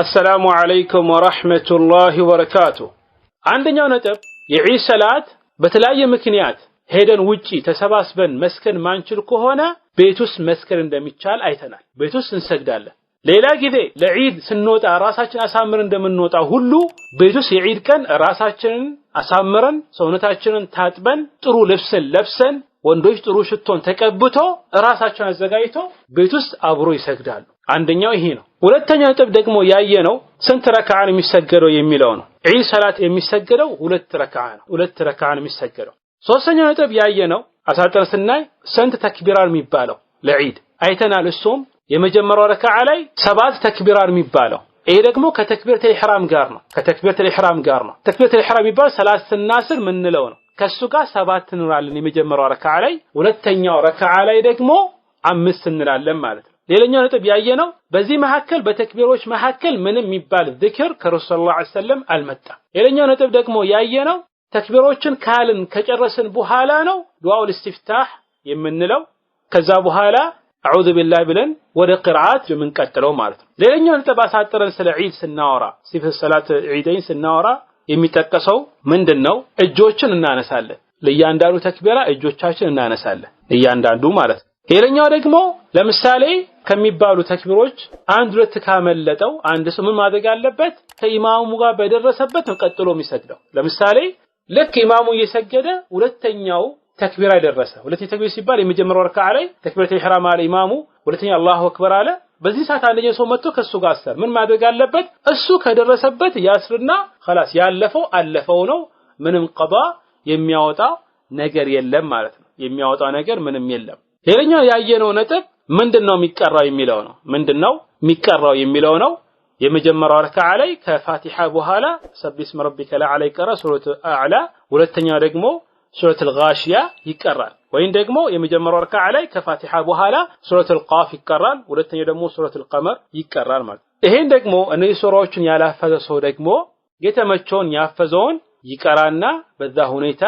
አሰላሙ ዓለይኩም ወረህመቱላሂ ወበረካቱ። አንደኛው ነጥብ የዒድ ሰላት በተለያየ ምክንያት ሄደን ውጪ ተሰባስበን መስከን ማንችል ከሆነ ቤት ውስጥ መስከን እንደሚቻል አይተናል። ቤት ውስጥ እንሰግዳለን። ሌላ ጊዜ ለዒድ ስንወጣ ራሳችን አሳምረን እንደምንወጣ ሁሉ ቤት ውስጥ የዒድ ቀን ራሳችንን አሳምረን ሰውነታችንን ታጥበን ጥሩ ልብስን ለብሰን ወንዶች ጥሩ ሽቶን ተቀብቶ ራሳቸውን አዘጋጅቶ ቤት ውስጥ አብሮ ይሰግዳሉ። አንደኛው ይሄ ነው። ሁለተኛው ነጥብ ደግሞ ያየ ነው ስንት ረካዓን ነው የሚሰገደው የሚለው ነው። ዒድ ሰላት የሚሰገደው ሁለት ረካዓ ነው፣ ሁለት ረክዓ ነው የሚሰገደው። ሶስተኛው ነጥብ ያየ ነው አሳጥር ስናይ ስንት ተክቢራር የሚባለው ለዒድ አይተናል። እሱም የመጀመሪያው ረካዓ ላይ ሰባት ተክቢራር የሚባለው ይሄ ደግሞ ከተክቢረተ ኢሕራም ጋር ነው። ከተክቢረተ ኢሕራም ጋር ነው። ተክቢረተ ኢሕራም የሚባል ሰላት ስናስር ምንለው ነው። ከሱ ጋር ሰባት እንላለን የመጀመሪያው ረካዓ ላይ፣ ሁለተኛው ረካዓ ላይ ደግሞ አምስት እንላለን ማለት ነው። ሌላኛው ነጥብ ያየ ነው። በዚህ መካከል በተክቢሮች መካከል ምንም የሚባል ዝክር ከረሱል ዐለይሂ ወሰለም አልመጣም። ሌላኛው ነጥብ ደግሞ ያየ ነው። ተክቢሮችን ካልን ከጨረስን በኋላ ነው ዱዓው ልስቲፍታህ የምንለው። ከዛ በኋላ አዑዙ ቢላህ ብለን ወደ ቅርአት የምንቀጥለው ማለት ነው። ሌላኛው ነጥብ አሳጥረን ስለ ዒድ ስናወራ ሲፈ ሰላት ዒደይን ስናወራ የሚጠቀሰው ምንድን ነው? እጆችን እናነሳለን። ለእያንዳንዱ ተክቢራ እጆቻችን እናነሳለን፣ እያንዳንዱ ማለት ነው። ሌላኛው ደግሞ ለምሳሌ ከሚባሉ ተክቢሮች አንድ ሁለት ካመለጠው አንድ ሰው ምን ማድረግ አለበት? ከኢማሙ ጋር በደረሰበት ነው ቀጥሎ የሚሰግደው። ለምሳሌ ልክ ኢማሙ እየሰገደ ሁለተኛው ተክቢር አይደረሰ ሁለተኛው ተክቢር ሲባል የመጀመሪያው ረካዓ ላይ ተክቢራቱል ኢህራም አለ ኢማሙ፣ ሁለተኛ አላሁ አክበር አለ። በዚህ ሰዓት አንደኛው ሰው መጥቶ ከሱ ጋር አሰር ምን ማድረግ አለበት? እሱ ከደረሰበት ያስርና خلاص ያለፈው አለፈው ነው። ምንም ቀዷ የሚያወጣ ነገር የለም ማለት ነው። የሚያወጣ ነገር ምንም የለም። ሌላኛው ያየነው ነጥብ ምንድነው የሚቀራው የሚለው ነው። ምንድነው የሚቀራው የሚለው ነው። የመጀመሪያው ረካዓ ላይ ከፋቲሓ በኋላ ሰቢስመ ረቢከ ለዓላ ይቀራል። ሱረት አዕላ። ሁለተኛው ደግሞ ሱረቱል ጋሽያ ይቀራል። ወይም ደግሞ የመጀመሪያው ረካዓ ላይ ከፋቲሓ በኋላ ሱረቱል ቃፍ ይቀራል። ሁለተኛው ደግሞ ሱረቱል ቀመር ይቀራል ማለት ይሄን ደግሞ እነዚህ ሱራዎችን ያላፈዘ ሰው ደግሞ የተመቸውን ያፈዘውን ይቀራና በዛ ሁኔታ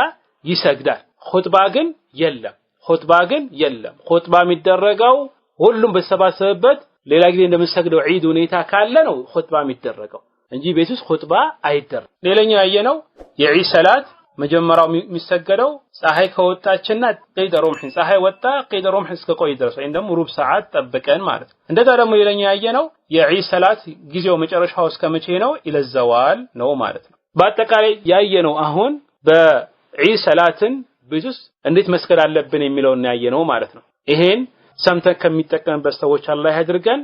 ይሰግዳል። ኹጥባ ግን የለም። ኹጥባ ግን የለም። ኹጥባ የሚደረገው ሁሉም በተሰባሰበበት ሌላ ጊዜ እንደምንሰግደው ዒድ ሁኔታ ካለ ነው ኹጥባ የሚደረገው እንጂ ቤት ውስጥ ኹጥባ አይደረግም። ሌላኛው ያየነው የዒድ ሰላት መጀመሪያው የሚሰገደው ፀሐይ ከወጣችና ቀይደ ሮምሕን ፀሐይ ወጣ ቀይደ ሮምሕን እስከ ቆይ ድረስ ወይም ደግሞ ሩብ ሰዓት ጠብቀን ማለት ነው። እንደዛ ደግሞ ሌላኛው ያየነው የዒድ ሰላት ጊዜው መጨረሻው እስከ መቼ ነው? ኢለዘዋል ነው ማለት ነው። በአጠቃላይ ያየነው አሁን በዒድ ሰላትን ቤት ውስጥ እንዴት መስገድ አለብን የሚለውን ያየ ነው ማለት ነው። ይሄን ሰምተን ከሚጠቀምበት ሰዎች አላህ ያድርገን።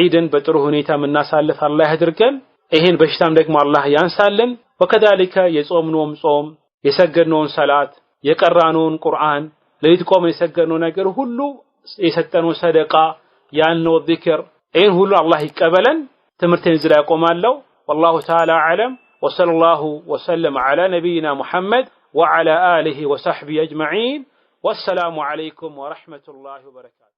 ዒድን በጥሩ ሁኔታ የምናሳልፍ አላህ ያድርገን። ይሄን በሽታም ደግሞ አላህ ያንሳልን። ወከዛሊከ የጾምነውም ጾም የሰገድነውን ሰላት የቀራነውን ቁርአን ሌሊት ቆመን የሰገድነው ነገር ሁሉ የሰጠነው ሰደቃ ያልነው ዚክር ይህን ሁሉ አላህ ይቀበለን። ትምህርቴን እዚህ ላይ አቆማለሁ። ወላሁ ተዓላ አዕለም ወሰለላሁ ወሰለም ዐላ ነቢይና ሙሐመድ وعلى آله وصحبه أجمعين والسلام عليكم ورحمة الله وبركاته